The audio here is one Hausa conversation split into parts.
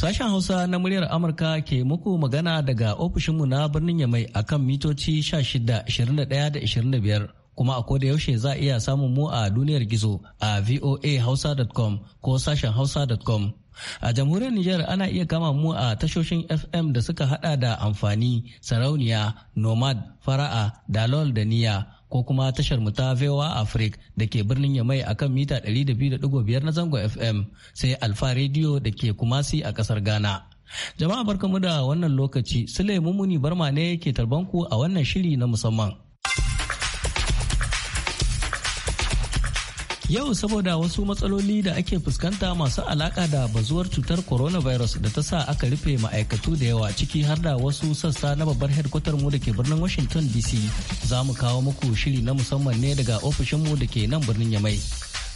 Sashen Hausa na muryar Amurka ke muku magana daga ofishinmu na birnin Yamai a kan mitoci 16, 21 25. kuma a koda yaushe za a iya samun mu a duniyar gizo a voahausa.com ko sashen hausa.com. A jamhuriyar Nijar ana iya kama mu a tashoshin FM da suka hada da amfani, sarauniya, nomad, fara'a, dalol da niya. ko kuma tashar mu ta VOA Africa da ke birnin Yamai akan mita 200.5 na Zango FM sai Alfa Radio da ke Kumasi a kasar Ghana. Jama'a barkamu da wannan lokaci, Sule Mumuni Barma ne ke tarbanku a wannan shiri na musamman. Yau saboda wasu matsaloli da ake fuskanta masu alaka da bazuwar cutar coronavirus da ta sa aka rufe ma'aikatu da yawa ciki har da wasu sassa na babbar headquarter mu da ke birnin Washington DC za mu kawo muku shiri na musamman ne daga ofishinmu da ke nan birnin Yamai.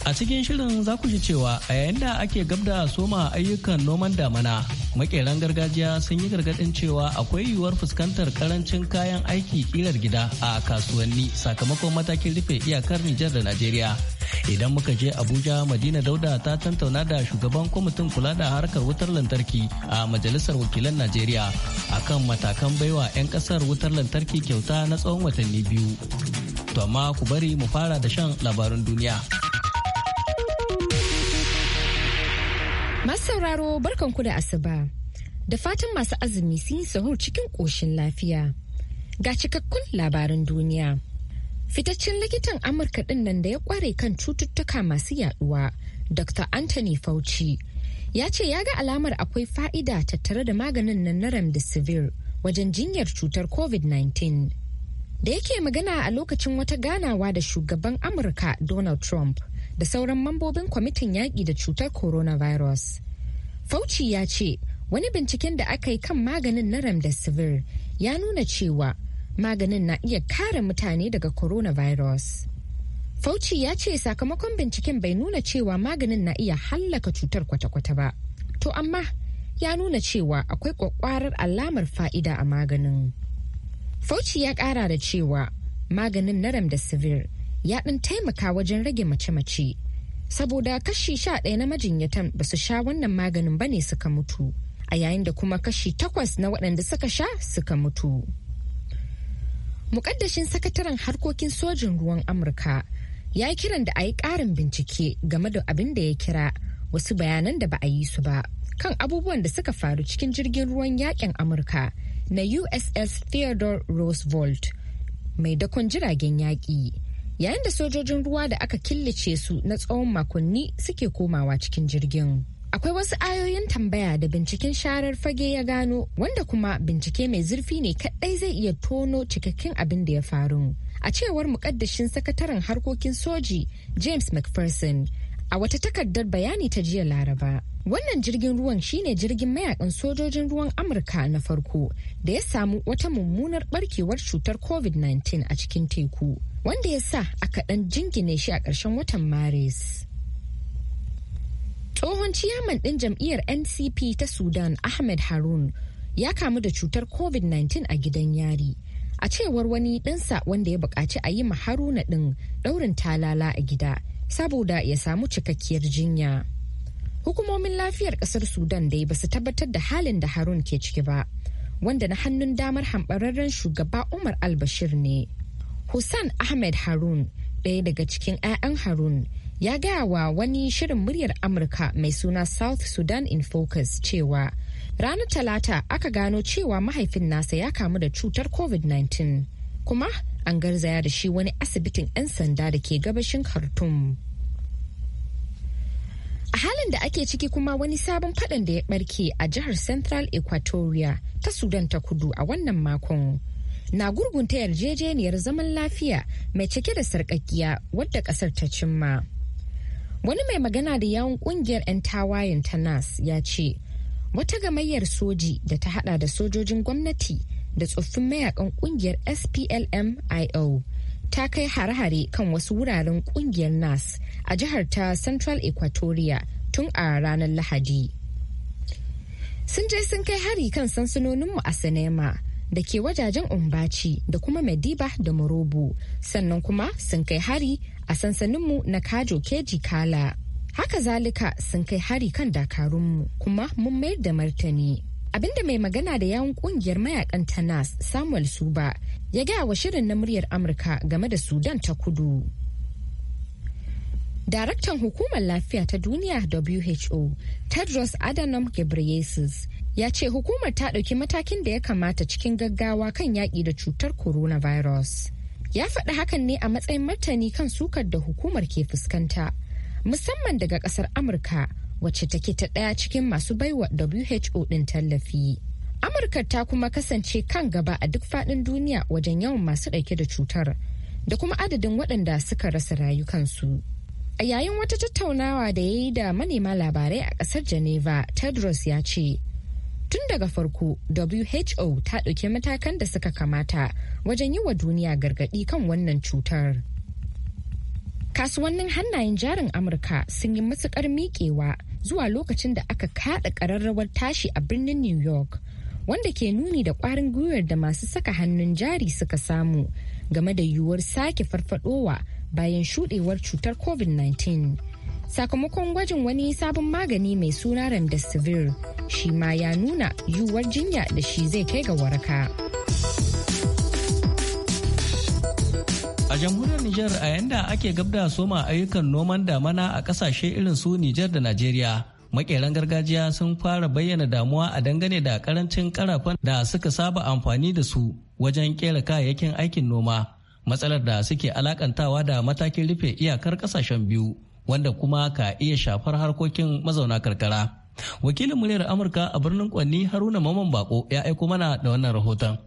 A cikin shirin za ku ji cewa a yayin da ake gabda da soma ayyukan noman damana, makeran gargajiya sun yi gargadin cewa akwai yiwuwar fuskantar karancin kayan aiki kilar gida a kasuwanni sakamakon matakin rufe iyakar Nijar da Najeriya. Idan muka je Abuja, Madina Dauda ta tantauna da shugaban kwamitin kula da harkar wutar lantarki a Majalisar Wakilan Najeriya akan matakan baiwa 'yan kasar wutar lantarki kyauta na tsawon watanni biyu. To amma ku bari mu fara da shan labarun duniya. Masu sauraro barkan ku da asuba. Da fatan masu azumi sun yi sahur cikin ƙoshin lafiya. Ga cikakkun labaran duniya. Fitaccen likitan Amurka ɗin nan da ya ƙware kan cututtuka masu yaɗuwa, Dr. Anthony Fauci, ya ce ya ga alamar akwai fa'ida tattare da maganin nan na Remdesivir wajen jinyar cutar COVID-19. Da yake magana a lokacin wata ganawa da shugaban Amurka Donald Trump. da sauran mambobin kwamitin yaƙi da cutar coronavirus. Fauci ya ce wani binciken da aka yi kan maganin na remdesivir ya nuna cewa maganin na iya kare mutane daga coronavirus. Fauci ya ce sakamakon binciken bai nuna cewa maganin na iya hallaka cutar kwata-kwata ba. To amma ya nuna cewa akwai kwakwarar alamar fa'ida a maganin. Fauci ya ƙara da cewa maganin na remdesivir ya ɗan taimaka wajen rage mace-mace saboda kashi sha ɗaya na majinyatan ba su sha wannan maganin ba ne suka mutu a yayin da kuma kashi takwas na waɗanda suka sha suka mutu mukaddashin sakataren harkokin sojin ruwan amurka ya yi kiran da a yi ƙarin bincike game da abin da ya kira wasu bayanan da ba a yi su ba kan abubuwan da suka faru cikin jirgin ruwan yakin amurka na uss theodore roosevelt mai dakon jiragen yaƙi yayin da sojojin ruwa da aka killace su na tsawon makonni suke komawa cikin jirgin. Akwai wasu ayoyin tambaya da binciken sharar fage ya gano wanda kuma bincike mai zurfi ne kaɗai zai iya tono cikakken abin da ya faru. A cewar mukaddashin sakataren harkokin soji James McPherson a wata takardar bayani ta jiya Laraba. Wannan jirgin ruwan shine jirgin mayakan sojojin ruwan Amurka na farko da ya samu wata mummunar barkewar cutar COVID-19 a cikin teku. wanda ya sa aka kaɗan jingine shi a ƙarshen watan maris tsohon ciyaman ɗin jam'iyyar ncp ta sudan ahmed harun ya kamu da cutar covid-19 a gidan yari a cewar wani ɗansa wanda ya buƙaci a yi haruna ɗin ɗaurin talala a gida saboda ya samu cikakkiyar jinya hukumomin lafiyar ƙasar sudan dai ba su tabbatar da halin da harun ke ciki ba wanda na hannun damar hambararren shugaba umar albashir ne Hussan Ahmed Harun, ɗaya daga cikin 'ya'yan Harun, ya gaya wa wani shirin muryar Amurka mai suna South Sudan in Focus cewa ranar Talata aka gano cewa mahaifin nasa ya kamu da cutar COVID-19. Kuma an garzaya da shi wani asibitin 'yan sanda da ke gabashin Khartoum. A halin da ake ciki kuma wani sabon faɗan da ya ɓarke a jihar Central Equatoria ta Sudan ta kudu a wannan makon. na gurgunta yarjejeniyar zaman lafiya mai cike da sarƙaƙƙiya wadda ƙasar ta cimma. Wani mai magana da yawun ƙungiyar 'yan tawayen ta NAS ya ce, wata gamayyar soji da ta hada da sojojin gwamnati da tsoffin mayakan ƙungiyar SPLM-IO ta kai hare-hare kan wasu wuraren ƙungiyar NAS a jihar ta Central Equatoria tun a ranar Lahadi. Sun je sun kai hari kan mu a Sinema. da ke wajajen umbaci da kuma madiba da morobo sannan kuma sun kai hari a sansaninmu na kajo keji kala haka zalika sun kai hari kan dakarunmu kuma mun mayar da martani abinda mai magana da yawun kungiyar mayakan tanas samuel suba ya gaya wa shirin na muryar amurka game da sudan ta kudu daraktan hukumar lafiya ta duniya who tedros adhanom ghebreyesus ya ce hukumar ta ɗauki matakin da ya kamata cikin gaggawa kan yaƙi da cutar coronavirus. Ya faɗi hakan ne a matsayin martani kan sukar da hukumar ke fuskanta, musamman daga ƙasar Amurka wacce take ta ɗaya cikin masu baiwa WHO ɗin tallafi. Amurka ta kuma kasance kan gaba a duk faɗin duniya wajen yawan masu ɗauke da cutar da kuma adadin waɗanda suka rasa rayukansu. A yayin wata tattaunawa da ya yi da manema labarai a ƙasar Geneva, Tedros ya ce, Tun daga farko WHO ta ɗauki matakan da suka kamata wajen yi wa duniya gargaɗi kan wannan cutar. Kasuwannin hannayen jarin Amurka sun yi matukar miƙewa zuwa lokacin da aka kaɗa ƙararrawar tashi a birnin New York. wanda ke nuni da ƙwarin gwiwar da masu saka hannun jari suka samu game da yiwuwar sake farfadowa bayan shuɗewar cutar covid-19 sakamakon gwajin wani sabon magani mai suna remdesivir shi ma ya nuna yiwuwar jinya da shi zai kai ga waraka a jamhuriyar niger a yanda ake gabda soma ayyukan noman damana a kasashe irin su niger da nigeria makeran gargajiya sun fara bayyana damuwa a dangane da karancin karafan da suka saba amfani da su wajen kera kayayyakin aikin noma matsalar da suke alakantawa da matakin rufe iyakar kasashen biyu wanda kuma ka iya shafar harkokin mazauna karkara wakilin muryar amurka a birnin kwanni haruna maman bako ya aiko mana da wannan rahoton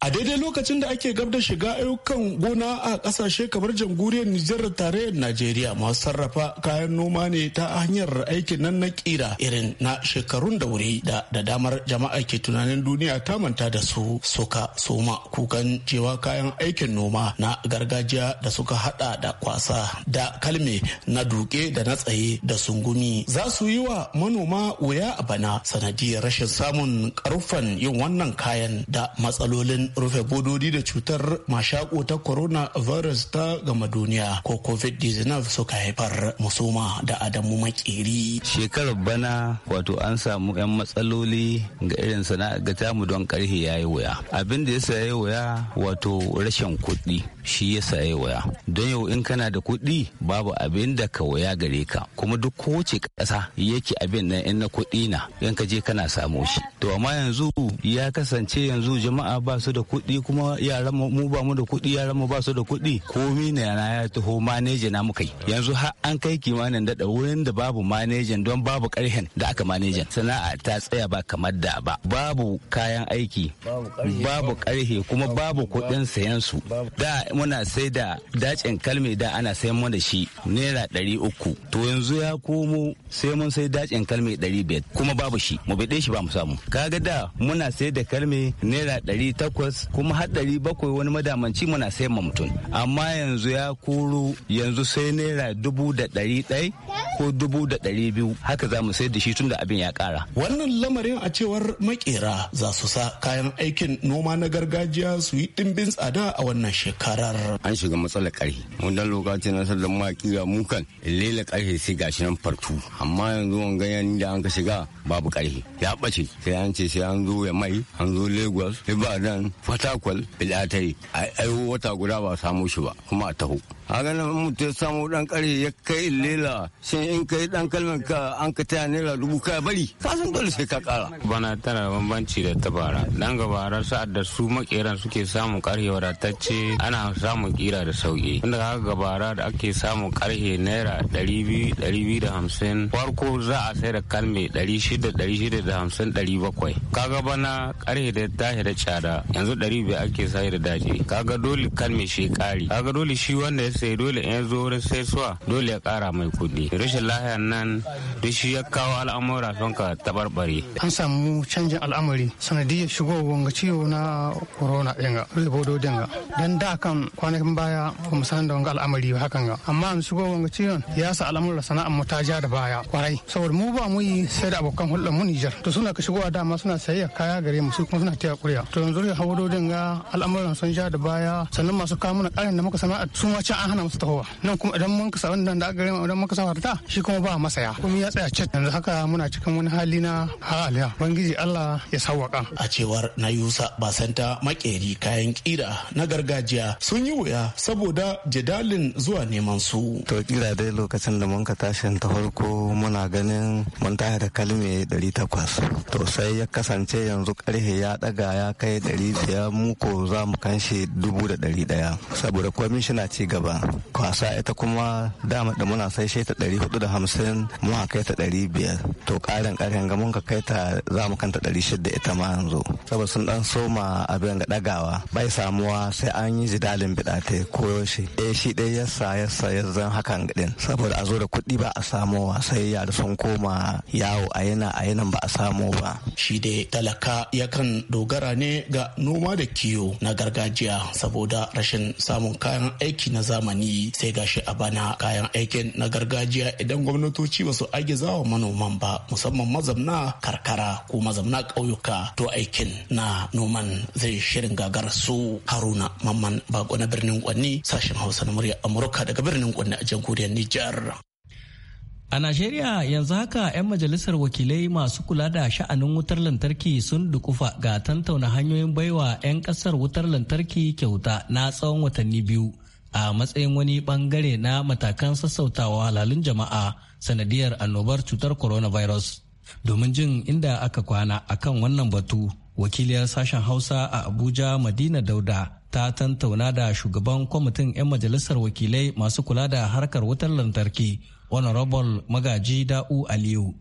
a daidai lokacin da ake gab da shiga ayyukan gona a ƙasashe kamar jamhuriyar nijar da tarayyar najeriya masu sarrafa kayan noma ne ta hanyar aikin nan na kira irin na shekarun da wuri da da damar jama'a ke tunanin duniya ta manta da su suka soma kukan cewa kayan aikin noma na gargajiya da suka hada da kwasa da kalme na duke da na tsaye da sungumi za su yi wa manoma wuya a bana sanadiyar rashin samun karfan yin wannan kayan da matsalolin rufe bododi da cutar mashako ta coronavirus ta gama duniya ko covid-19 suka haifar musoma da adamu makeri shekarar bana wato an samu 'yan matsaloli ga irin sana'a ga tamu don karhe ya yi wuya abin da ya saye waya wato rashin kuɗi shi ya saye wuya don yau in kana da kuɗi babu abin da ka waya gare ka kuma duk kowace ƙasa yake abin na in na kuɗi na yanka je kana samu shi to amma yanzu ya kasance yanzu jama'a ba su da kuɗi kuma yaran mu ba mu da kuɗi yaran mu ba su da kuɗi komi ne na ya taho manaja na muka yi yanzu har an kai kimanin daɗa wurin da babu manajan don babu ƙarhen da aka manejan sana'a ta tsaya ba kamar da ba babu kayan aiki babu ƙarhe kuma babu kuɗin sayan su da muna sai da dacin kalme da ana sayan mu da shi naira ɗari uku to yanzu ya komo sai mun sai dacin kalme ɗari biyar kuma babu shi mu bi shi ba mu samu kaga da muna sai da kalme naira ɗari takwas takwas kuma har ɗari bakwai wani madamanci muna sai ma mutum amma yanzu ya kuru yanzu sai naira dubu da ɗari ɗai ko dubu da ɗari biyu haka za mu sayar da shi tun da abin ya ƙara. Wannan lamarin a cewar makera za su sa kayan aikin noma na gargajiya su yi ɗimbin tsada a wannan shekarar. An shiga matsalar ƙarfi. dan lokacin na sallar ma kira mu kan lela ƙarfe sai gashi nan fartu. Amma yanzu wani ganyen da an ka shiga babu ƙarfi. Ya ɓace sai an ce sai an zo ya mai an zo Lagos, Ibadan, Fatakwal, Bilatai. A wata guda ba samu shi ba kuma a taho. hagan mutum ya samu dan kare ya kai lela sai in kai dan kalmar ka an ka taya naira dubu ka bari ka san dole sai ka kara bana tana bambanci da tabara dan gabara sa'ad da su makeran suke samun karhe wadatacce ana samun kira da sauki inda haka gabara da ake samun karhe naira 200-250 da hamsin farko za a sai da kalme 600 shida 700 shida da hamsin bakwai kaga bana karhe da tashi da tsada yanzu ɗari ake sai da daji kaga dole kalme shi kari kaga dole shi wanda ya sai dole in zo wurin sai suwa dole ya kara mai kudi rashin lahiyar nan duk shi ya kawo al'amura don ka tabarbare an samu canjin al'amari sanadiyar shigowar ga ciwo na corona din ga rebodo din ga dan da kan kwanakin baya ba mu san da wanga al'amari ba hakan ga amma an shigowar ga ciwon ya sa al'amura sana'ar mu ta ja da baya kwarai saboda mu ba mu yi sai da abokan hulɗar mu Nijar to suna ka shigowa dama suna sayayya kaya gare mu su kuma suna taya kuriya to yanzu ya hawo dodin ga al'amuran sun ja da baya sannan masu kawo mana ƙarin da muka sana'ar su ma can an hana musu tahowa nan kuma idan mun ka sa wannan da aka gare mu idan muka sa ta shi kuma ba masaya kuma ya tsaya chat yanzu haka muna cikin wani hali na halaliya bangiji Allah ya sawaka a cewar na Yusa Basanta makeri kayan kira na gargajiya sun yi wuya saboda jidalin zuwa neman su to kira dai lokacin da mun ka tashin ta farko muna ganin mun tashi da kalme 800 to sai ya kasance yanzu karhe ya daga ya kai 500 mu ko za mu kanshi 1100 saboda komishina ci gaba kwasa ita kuma dama da muna sai shi ta 450 mu haka kai ta ɗari biyar to ƙarin ƙarfin ga mun ka kai ta za mu kanta ɗari shida ita ma yanzu saboda sun ɗan soma abin ga ɗagawa bai samuwa sai an yi jidalin biɗate ko yaushe ɗaya eh, shi ɗaya yasa yasa zan hakan ɗin saboda a zo da kuɗi ba a samuwa sai yara sun koma yawo a yana a yanan ba a samo ba. Shi dai talaka yakan dogara ne ga noma da kiwo na gargajiya saboda rashin samun kayan aiki na zamani sai gashi a bana kayan aikin na gargajiya idan gwamnatoci ba su girgiza wa manoman ba musamman mazamna karkara ko mazamna ƙauyuka to aikin na noman zai shirin gagar su haruna mamman bako na birnin kwanni sashen hausa na murya amurka daga birnin kwanni a jamhuriyar nijar A Najeriya yanzu haka 'yan majalisar wakilai masu kula da sha'anin wutar lantarki sun dukufa ga tantauna hanyoyin baiwa 'yan kasar wutar lantarki kyauta na tsawon watanni biyu a matsayin wani bangare na matakan sassautawa halalun jama'a sanadiyar annobar cutar coronavirus. Domin jin inda aka kwana akan wannan batu, wakiliyar sashen Hausa a Abuja Madina Dauda ta tantauna da shugaban kwamitin 'yan majalisar wakilai masu kula da harkar wutar lantarki, Honorable Magaji Da'u Aliyu.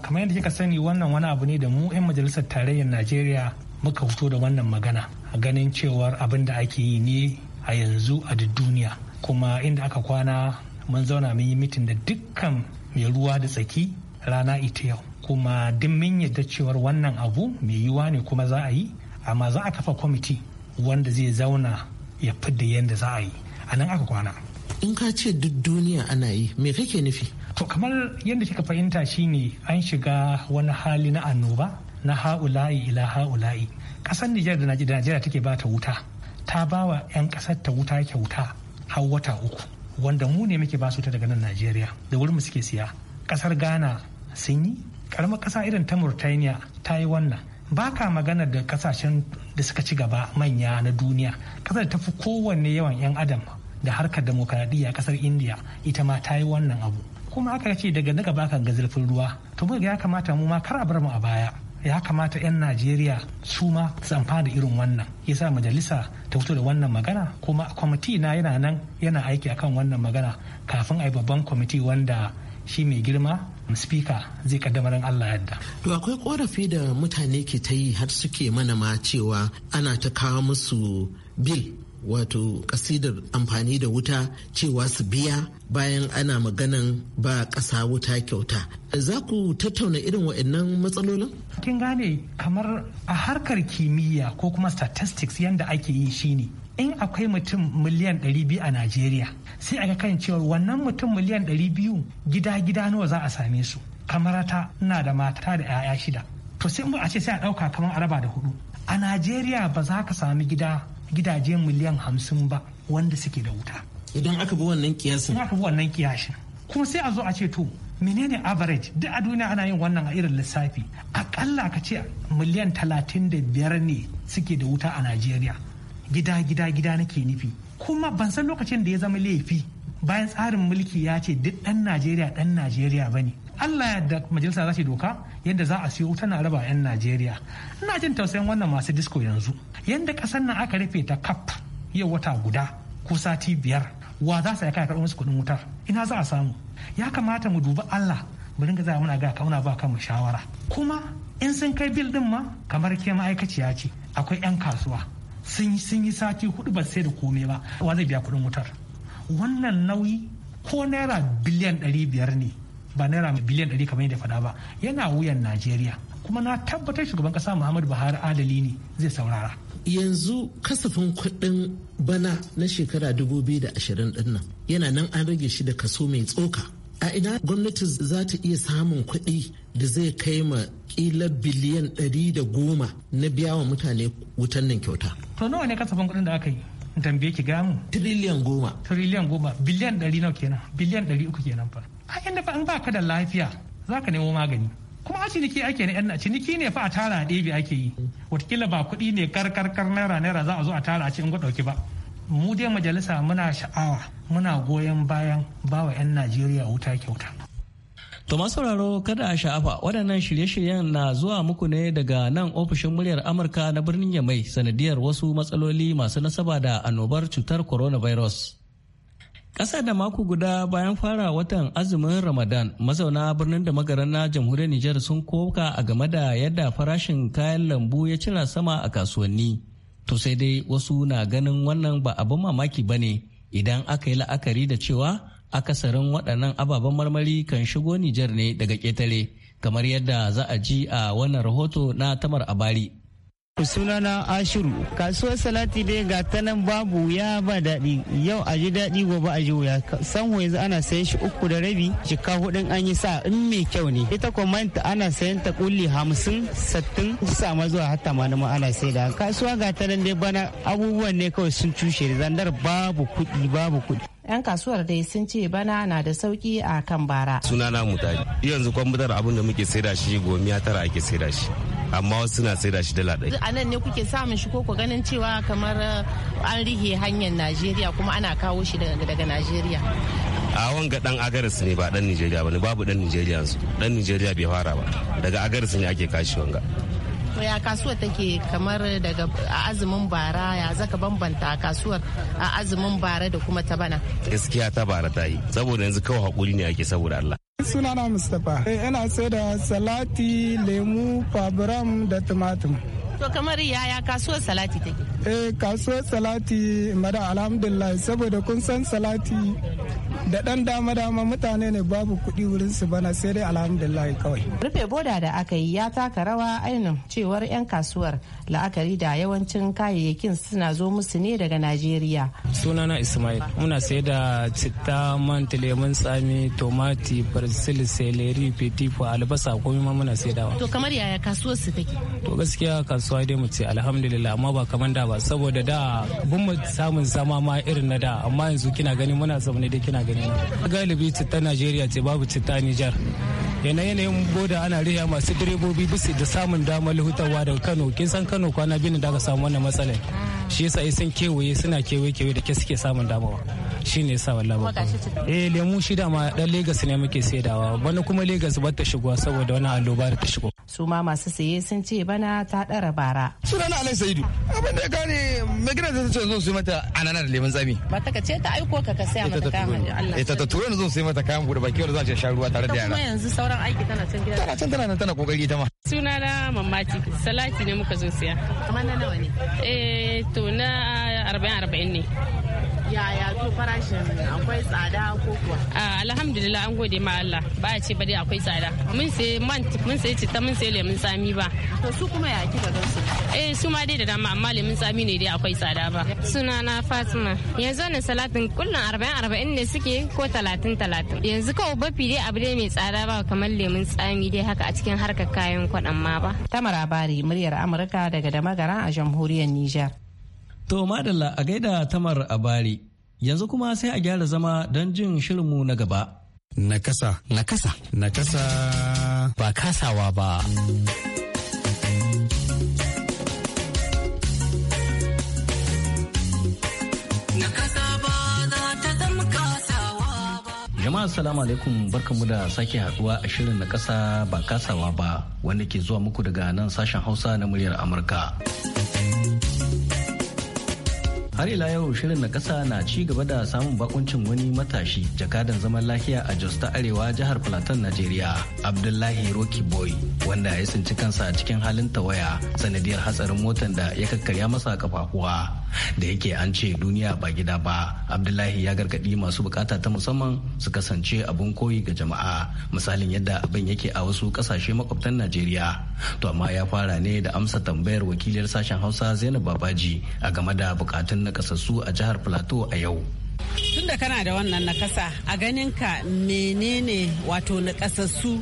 kamar yadda kika sani wannan wani abu ne da mu 'yan majalisar tarayyar najeriya muka fito da wannan magana a ganin cewar abin da ake yi ne a yanzu a duk duniya kuma inda aka kwana mun zauna mun yi mitin da dukkan mai ruwa da tsaki rana ita yau kuma duk mun yadda cewar wannan abu mai yiwa ne kuma za a yi amma za a kafa kwamiti wanda zai zauna ya fidda yadda za a yi a nan aka kwana in ka ce duk duniya ana yi me kake nufi to kamar yadda kika fahimta shine an shiga wani hali na annoba na ha'ula'i ila ha'ula'i ƙasar Nijar da Najeriya take bata wuta ta ba wa 'yan ƙasar ta wuta kyauta har wata uku wanda mu ne muke basu ta daga nan najeriya da wurin mu suke siya ƙasar ghana sun yi karamar ƙasa irin ta murtaniya ta yi wannan ba ka magana da ƙasashen da suka ci gaba manya na duniya ƙasar ta fi kowanne yawan 'yan adam da harkar demokaradiyya ƙasar India ita ma ta yi wannan abu kuma aka ce daga daga baka ga zurfin ruwa to ya kamata mu ma kar a bar mu a baya ya kamata 'yan najeriya su ma su amfana da irin wannan yasa majalisa ta fito da wannan magana kuma kwamiti na yana nan yana aiki akan wannan magana kafin a yi babban kwamiti wanda shi mai girma spika zai kaddamarin Allah yadda. To akwai korafi da mutane ke ta yi har suke mana ma cewa ana ta kawo musu bil wato kasidar amfani da wuta cewa su biya bayan ana maganan ba kasa wuta kyauta za ku tattauna irin waɗannan matsalolin? kin gane kamar a harkar kimiyya ko kuma statistics yadda ake yi shine in akwai mutum miliyan 200 a najeriya sai aka kan cewa wannan mutum miliyan 200 gida-gida nawa za a same su kamarata na da mata da 'ya'ya shida to sai a ce sai a ɗauka kamar araba da hudu a najeriya ba za ka sami gida gidaje miliyan hamsin ba wanda suke da wuta idan aka bi wannan kiyasin aka bi wannan kiyashin kuma sai a zo a ce to menene average duk a duniya ana yin wannan a irin lissafi akalla ka ce miliyan talatin da biyar ne suke da wuta a najeriya gida gida gida nake nufi kuma ban san lokacin da ya zama laifi bayan tsarin mulki ya ce duk ɗan najeriya ɗan najeriya ba ne Allah ya da majalisa za ta doka yadda za a siyo tana raba 'yan Najeriya. Ina jin tausayin wannan masu disko yanzu. Yadda ƙasar nan aka rufe ta kaf yau wata guda ko sati biyar wa za su aika karɓar musu kuɗin wutar ina za a samu ya kamata mu duba Allah mu dinga za muna ga kauna ba kan mu shawara kuma in sun kai bil din ma kamar ke ma'aikaciya ce akwai 'yan kasuwa sun sun yi sati hudu ba sai da komai ba wa zai biya kuɗin wutar wannan nauyi ko naira biliyan ɗari biyar ne ba naira biliyan ɗari kamar yadda faɗa ba yana wuyan najeriya kuma na tabbatar shugaban ƙasa muhammadu buhari adali ne zai saurara yanzu kasafin kuɗin bana na shekara 2020 ɗin nan yana nan an rage shi da kaso mai tsoka a ina gwamnati za ta iya samun kuɗi da zai kai ma kila biliyan ɗari da goma na biya wa mutane wutan nan kyauta. To nawa ne kasafin kuɗin da aka yi? Tambaye ki gamu? Tiriliyan goma. Tiriliyan goma. Biliyan ɗari nawa kenan? Biliyan ɗari uku kenan fa. a inda fa in ba ka da lafiya za ka nemo magani kuma a ciniki ake ne yan ciniki ne fa a tara a ɗebe ake yi watakila ba kuɗi ne karkarkar kar naira naira za a zo a tara a ce in ɗauki ba mu dai majalisa muna sha'awa muna goyon bayan ba wa 'yan najeriya wuta kyauta To sauraro kada a sha'afa waɗannan shirye-shiryen na zuwa muku ne daga nan ofishin muryar Amurka na birnin Yamai sanadiyar wasu matsaloli masu nasaba da annobar cutar coronavirus. Ƙasa da mako guda bayan fara watan azumin Ramadan, mazauna birnin da magaran na jamhuriyar Nijar sun koka a game da yadda farashin kayan lambu ya cira sama a kasuwanni. To sai dai wasu na ganin wannan ba abin mamaki ba ne idan aka yi la'akari da cewa akasarin waɗannan ababen marmari kan shigo Nijar ne daga ƙetare, kamar yadda za a ji a wannan rahoto na Tamar Abari. sunana ashiru kasuwar salati dai ga ta babu ya ba daɗi yau a ji daɗi gobe a ji wuya sanwa yanzu ana sayan shi uku da rabi jika hudun an yi sa in mai kyau ne ita kwamanta ana sayan ta kulli hamsin sattin ma zuwa hatta ma ma ana sai da kasuwa ga ta dai bana abubuwan ne kawai sun cushe zandar babu kuɗi babu kuɗi 'yan kasuwar dai sun ce bana na da sauki a kan bara suna sunana mutari yanzu kwamfutar abin da muke saida shi gomiya tara ake saida shi amma wasu suna saida shi dala ɗaya. a nan ne kuke samun shi koko ganin cewa kamar uh, an rihe hanyar najeriya kuma ana kawo shi daga najeriya a wanga dan agaris ne ba dan nigeria ba ne babu dan nigeria su dan nigeria bai fara ba daga agaris ne ake kashi wanga ya kasuwar take kamar daga azumin bara ya zaka bambanta kasuwar a azumin bara da kuma ta bana gaskiya ta bara ta yi saboda yanzu kawai hakuri ne ake saboda Allah sunana mustapha eh, ina sai da salati lemu fabram da tumatum to kamar yaya kasuwar salati take eh kasuwar salati mada alhamdulillah saboda kun san salati da dan dama dama mutane ne babu kuɗi wurin su bana sai dai alhamdulillah kawai rufe boda da aka yi ya taka rawa ainihin cewar 'yan kasuwar la'akari da yawancin kayayyakin suna zo musu ne daga najeriya sunana ismail muna sai da citta man lemun tsami tomati persil seleri fetifu albasa komi ma muna sai dawa to kamar yaya kasuwar su take to gaskiya kasuwa dai mu ce alhamdulillah amma ba kamar da ba saboda da bin mu samun zama ma irin na da amma yanzu kina gani muna zaune dai kina gani gani galibi citta najeriya ce babu citta nijar yanayin boda ana riya masu direbobi bisa da samun damar hutawa daga kano kin san kano kwana biyu da aka samu wannan matsalar shi yasa ai sun kewaye suna kewaye kewaye da ke suke samun damawa shi ne yasa wallahi ba eh lemu shi ma dan Lagos ne muke saidawa bana kuma Lagos ba ta shigo saboda wani alloba da ta shigo su ma masu saye sun ce bana ta dara bara sunana Alai Saidu abin da ya gane me gina ta ce zo su mata anana da lemun zami ba ta kace ta aiko ka ka saya mata kayan Allah ita ta tura zo su mata kayan gudu baki wanda za ta sha ruwa tare da yana kuma yanzu sauran aiki tana can gida tana can tana tana kokari ita ma sunana mamaki salati ne muka zo siya kamar na nawa ne eh to na 40-40 ne yaya to farashin akwai tsada ko kuwa alhamdulillah an gode ma Allah ba a ce ba dai akwai tsada mun sai man mun sai ta mun sai lemun tsami ba to su kuma ya kika don su eh su ma dai da dama amma lemun tsami ne dai akwai tsada ba sunana Fatima yanzu ne salatin kullun 40-40 ne suke ko 30-30 yanzu kawai bafi dai abu dai mai tsada ba kamar lemun tsami dai haka a cikin harkar kayan kwaɗan ma ba tamara bari muryar Amurka daga da magara a jamhuriyar Nijar To madalla a gaida tamar a bari yanzu kuma sai a gyara zama don jin shirinmu na gaba. Nakasa. Nakasa. Nakasa. Ba kasawa ba. jama'a salamu alaikum barkanmu da sake haduwa a shirin na kasa ba kasawa ba wanda ke zuwa muku daga nan sashen hausa na muryar amurka. har ila yau shirin na kasa na ci gaba da samun bakuncin wani matashi jakadan zaman lafiya a jos ta arewa jihar plateau Nigeria abdullahi roki boy wanda ya tsinci kansa cikin halin tawaya sanadiyar hatsarin motan da ya kakkarya masa kafafuwa da yake an ce duniya ba gida ba abdullahi ya gargadi masu bukata ta musamman su kasance abun koyi ga jama'a misalin yadda abin yake a wasu kasashe makwabtan najeriya to amma ya fara ne da amsa tambayar wakiliyar sashen hausa zainab babaji a game da bukatun nakasassu a jihar plateau a yau tunda kana da wannan nakasa a ganin ka menene wato nakasassu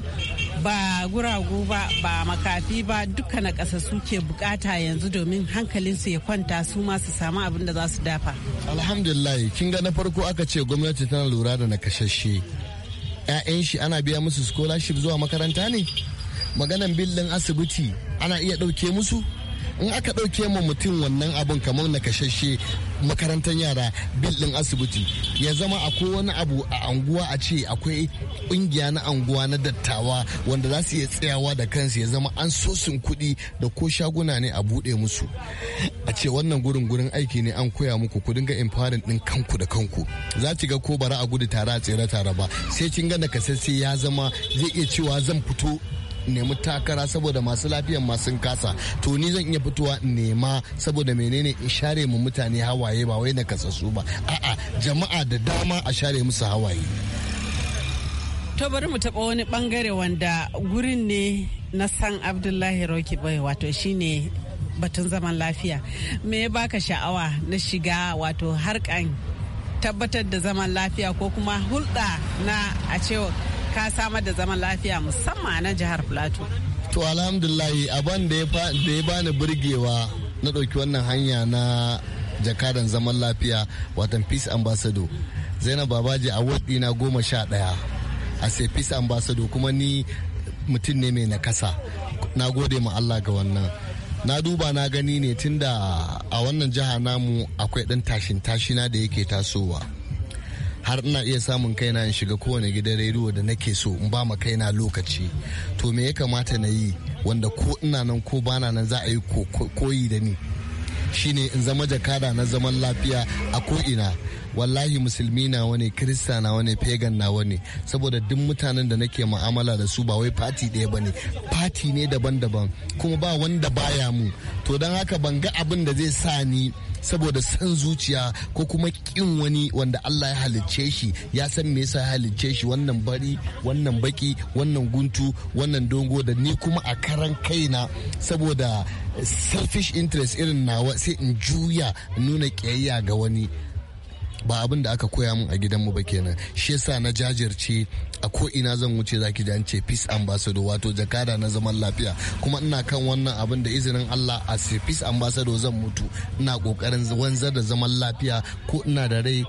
ba guragu ba ba makafi ba duka nakasassu ke bukata yanzu domin hankalin su ya kwanta su ma su samu abin da za su dafa alhamdulillah kin ga na farko aka ce gwamnati tana lura da nakasashe 'ya'yan shi ana biya musu scholarship zuwa makaranta ne maganan billin asibiti ana iya ɗauke musu in aka ɗauke ma mutum wannan abun kamar na kashashe makarantar yara bildin asibiti ya zama akwai wani abu a anguwa a ce akwai ƙungiya na anguwa na dattawa wanda za su iya tsayawa da kansu ya zama an sosin kuɗi da ko shaguna ne a buɗe musu a ce wannan gurin gurin aiki ne an koya muku ku dinga imfarin ɗin kanku da kanku za ki ga ko bara a gudu tare a tsere tare ba sai kin ga nakasashe ya zama zai iya cewa zan fito nemi takara saboda masu lafiyan masu kasa to ni zan iya fitowa nema saboda menene in share mu mutane hawaye ba wai na kasassu ba a'a jama'a da dama a share musu hawaye to bari mu taɓa wani bangare wanda gurin ne na san abdullahi roki bai wato shine batun zaman lafiya me ya baka sha'awa na shiga wato harkan tabbatar da zaman lafiya ko kuma hulɗa na a cewa ka samar da zaman lafiya musamman na jihar plateau to alhamdulillahi abin da ya bani burgewa na ɗauki wannan hanya na jakadan zaman lafiya watan peace ambassador zainab babaji a na goma sha ɗaya a sai peace ambassador kuma ni mutum ne mai nakasa na gode ma allah ga wannan na duba na gani ne tunda a wannan jiha namu akwai ɗan tashin tashina da yake tasowa har ina iya samun kaina in shiga kowane gidan rediyo da nake so in ba ma kaina lokaci to me ya kamata na yi wanda ko ina nan ko bana nan za a yi koyi da ni shine in zama jakada na zaman lafiya a ko'ina wallahi musulmi na wani kirista na wani pagan na wani saboda duk mutanen da nake ma'amala da su ba wai fati ɗaya ne fati ne daban-daban kuma ba wanda baya mu to don haka ban ga abin da zai sa ni saboda san zuciya ko kuma kin wani wanda Allah ya halicce shi ya san me yasa ya halicce shi wannan bari wannan baki wannan guntu wannan dongo da ni kuma a karan kaina saboda selfish interest irin nawa sai in juya nuna kiyayya ga wani ba abin da aka koya min a mu ba kenan shi yasa na jajirce a ko ina zan wuce zaki ji an ce peace ambassador wato jakada na zaman lafiya kuma ina kan wannan abin da izinin Allah a peace ambassador zan mutu ina kokarin wanzar da zaman lafiya ko ina da rai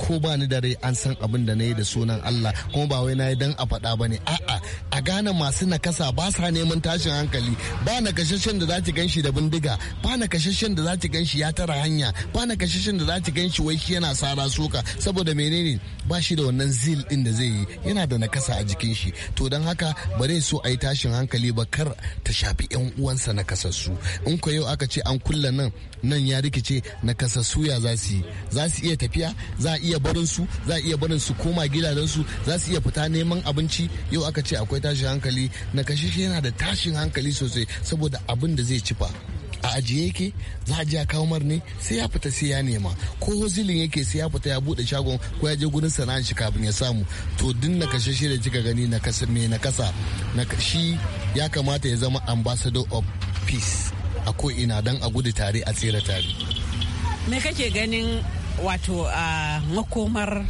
ko ba ni da rai an san abin da na yi da sunan Allah kuma ba wai na yi dan a faɗa ba ne a'a a gane masu nakasa ba sa neman tashin hankali ba na kashashen da za ki shi da bindiga ba na kashashen da za ki shi ya tara hanya ba na kashashen da za ki shi wai shi yana sara suka saboda menene ba shi da wannan zil din da zai yi yana da nakasa a jikin shi to dan haka ba zai so a yi tashin hankali ba kar ta shafi yan uwansa nakasassu in ko yau aka ce an kulla nan nan ya rikice nakasassu ya za su yi za su iya tafiya za a iya iya barin su za a iya barin su koma gidajen su za su iya fita neman abinci yau aka ce akwai tashin hankali na yana da tashin hankali sosai saboda abin da zai cifa a ajiye yake za a ja kawo ne sai ya fita sai ya nema ko hozilin yake sai ya fita ya bude shagon ko ya je gurin sana'ar shi kafin ya samu to din na kashe shi da kika gani na kasa me na kasa na shi ya kamata ya zama ambassador of peace a ko ina dan a gudu tare a tsira tare me kake ganin wato a makomar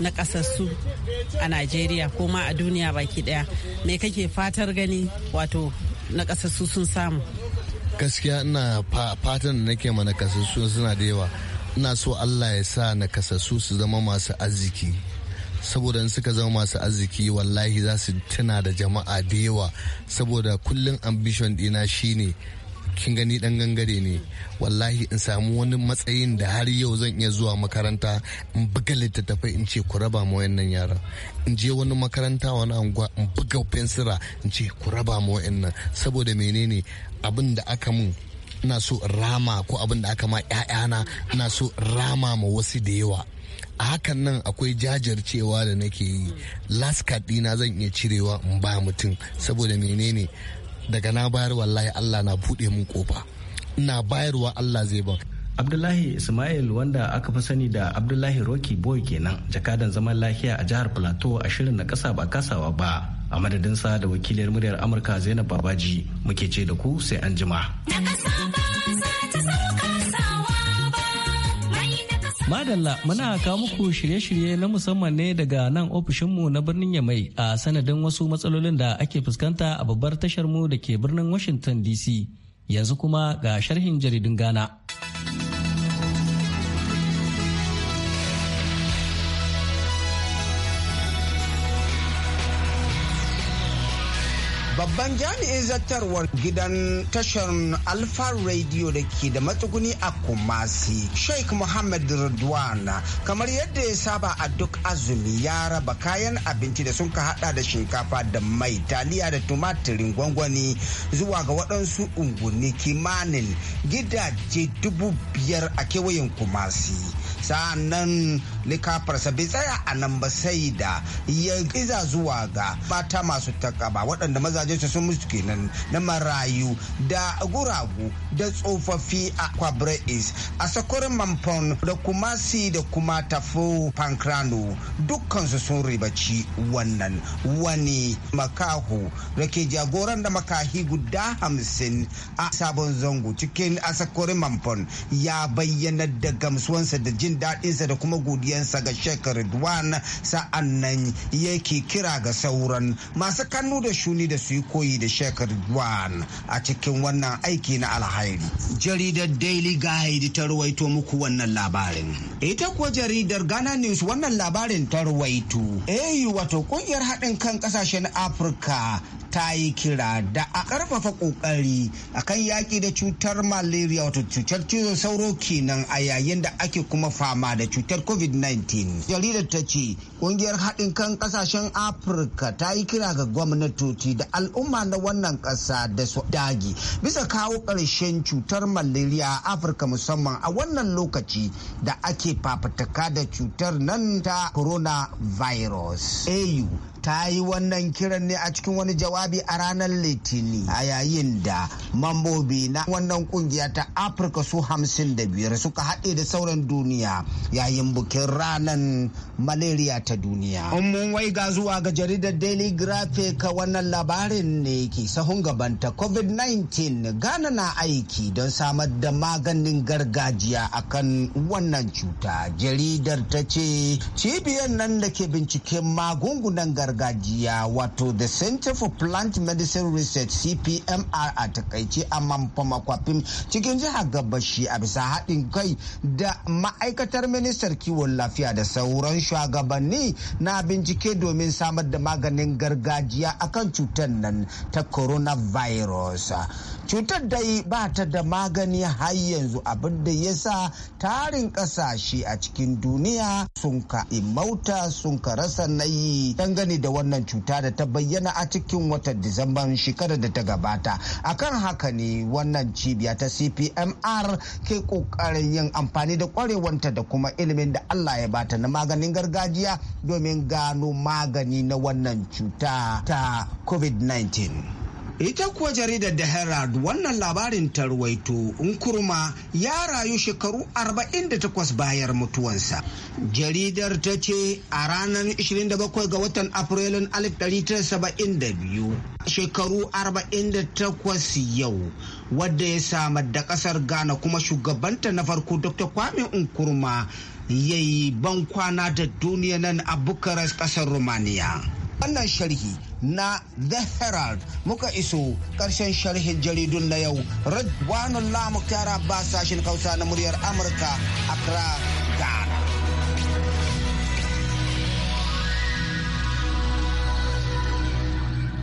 na kasassu a najeriya ko ma a duniya baki daya me kake fatar gani wato na kasassu sun samu gaskiya ina fatan da nake ma na kasassu suna da yawa ina so allah ya sa na kasassu su zama masu arziki saboda in suka zama masu arziki wallahi za su tuna da jama'a da yawa saboda kullun ambition dina shine kin gani dan gangare ne wallahi in samu wani matsayin da har yau zan iya zuwa makaranta in buga littattafai in ce ku raba ma wayannan yaran in je wani makaranta wani anguwa in buga fensira in ce ku raba ma wayannan saboda menene abin da aka mun ina so rama ko abin da aka ma ƴaƴana ina so rama ma wasu da yawa a hakan nan akwai jajircewa da nake yi laska dina zan iya cirewa in ba mutum saboda menene daga na bayar wallahi Allah na buɗe mun kofa ina bayarwa Allah zai ba Abdullahi Ismail wanda aka fi sani da Abdullahi Rocky Boy kenan jakadan zaman lafiya a jihar Plateau a shirin na kasa ba kasawa ba a madadin sa da wakiliyar muryar Amurka Zainab Babaji muke ce da ku sai an jima. Madalla muna kawo muku shirye-shirye na musamman ne daga nan ofishinmu na birnin Yamai a sanadin wasu matsalolin da ake fuskanta a babbar tashar mu da ke birnin Washington DC. Yanzu kuma ga sharhin jaridun Ghana. Babban jami'in zartarwar gidan tashar Alfa Radio da ke da matsuguni a Kumasi, Sheikh Muhammad Ridwan, kamar yadda ya saba a duk azumi ya raba kayan abinci da sun ka hada da shinkafa da mai, taliya da tumatirin gwangwani zuwa ga waɗansu unguni kimanin gidaje dubu biyar a kewayen Kumasi. sanan nan likafarsa bai tsaya a nan ba sai da ya iza zuwa ga mata masu takaba waɗanda mazajen su sun mutu kenan na marayu da guragu da tsofaffi a kwabre is a sakurin manfon da kumasi da kuma tafo pankrano dukkansu sun ribaci wannan wani makaho da ke jagoran da makahi guda hamsin a sabon zango cikin a asakorin manfon ya bayyana da gamsuwansa da jin jin daɗinsa da kuma godiyansa ga Sheikh Ridwan sa'annan yake kira ga sauran masu kannu da shuni da su yi koyi da Sheikh Ridwan a cikin wannan aiki na alhairi. Jaridar Daily Guide ta ruwaito muku wannan labarin. Ita kuwa jaridar Ghana News wannan labarin ta ruwaito. AU eh, wato kungiyar haɗin kan ƙasashen Afirka ta yi kira da a ƙoƙari a kan yaƙi da cutar malaria wato cutar cizon sauro kenan a yayin da ake kuma fama da cutar covid-19 jaridar ta ce ƙungiyar haɗin kan ƙasashen afirka ta yi kira ga gwamnatoci da al'umma na wannan ƙasa da su dagi bisa kawo ƙarshen cutar malaria a afirka musamman a wannan lokaci da ake fafataka da cutar nan ta coronavirus au ta yi wannan kiran ne a cikin wani jawabi a ranar litini a yayin da mambobi na wannan kungiya ta afirka su hamsin da biyar suka haɗe da sauran duniya yayin bukin ranar malaria ta duniya mun waiga zuwa ga jaridar daily graphic wannan labarin ne ke sahun gabanta covid-19 ghana na aiki don samar da maganin gargajiya a kan wannan cuta jaridar ta ce cibiyar nan da ke binciken magungunan gargajiya gargajiya wato the center for plant medicine research cpmr a takaice a mamfamakwafin cikin jihar gabashi a bisa haɗin kai da ma'aikatar ministar kiwon lafiya da sauran shugabanni na bincike domin samar da maganin gargajiya akan cutar nan ta coronavirus. cutar dai ba ta da magani har yanzu abin da ya sa tarin kasashe a cikin duniya sun ka imauta sun ka rasa nayi dangane da wannan cuta da ta bayyana a cikin watan disamban shekarar da ta gabata akan haka ne wannan cibiya ta cpmr ke ƙoƙarin yin amfani da kwarewanta da kuma ilimin da allah ya bata na maganin gargajiya domin gano magani na wannan cuta ta covid-19 Ita kuwa jaridar da Herald wannan labarin tarwaito Nkuruma ya rayu shekaru 48 bayar mutuwansa. Jaridar ta ce a ranar 27 ga watan Afrilun 1972 shekaru 48 yau wadda ya samar da kasar Ghana kuma shugabanta na farko Dr. Kwame Nkuruma ya yi ban kwana da duniya nan a Bucharest kasar Romania. wannan sharhi na The Herald muka iso ƙarshen sharhin jaridun na yau Radwanul Lamuktar ba sashen kausa na muryar Amurka Accra Ghana.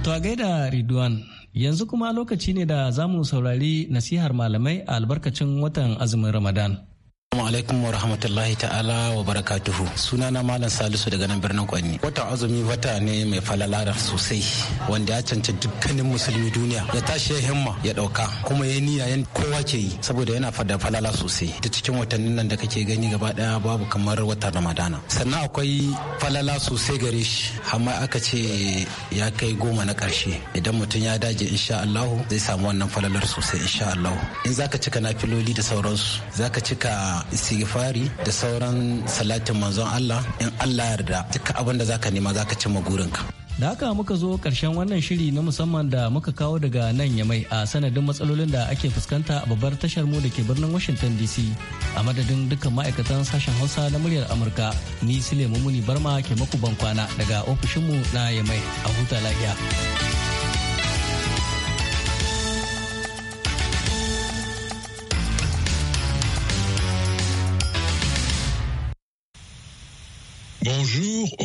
To a gaida Ridwan yanzu kuma lokaci ne da za mu saurari nasihar malamai a albarkacin watan azumin Ramadan. Assalamu alaikum wa rahmatullahi ta'ala wa barakatuhu. Sunana Malam Salisu daga nan birnin Kwanni. Watan azumi wata ne mai falalada sosai wanda ya cancanci dukkanin musulmi duniya ya tashi ya himma ya dauka kuma ya niyya yan kowa ke yi saboda yana fada falala sosai. Ta cikin watannin nan da kake gani gaba daya babu kamar watan Ramadana. Sannan akwai falala sosai gare shi amma aka ce ya kai goma na karshe idan mutum ya dage insha Allah zai samu wannan falalar sosai insha Allah. In zaka cika nafiloli da sauransu zaka cika sigifari da sauran salatin manzon Allah in Allah yarda duka abin da zaka nema zaka cimma gurinka da haka muka zo karshen wannan shiri na musamman da muka kawo daga nan yamai a sanadin matsalolin da ake fuskanta a babbar tashar mu da ke birnin washington dc a madadin dukkan ma'aikatan sashen hausa na muryar amurka ni sule mumuni barma ke maku ban kwana daga ofishinmu na yamai a huta lafiya Bonjour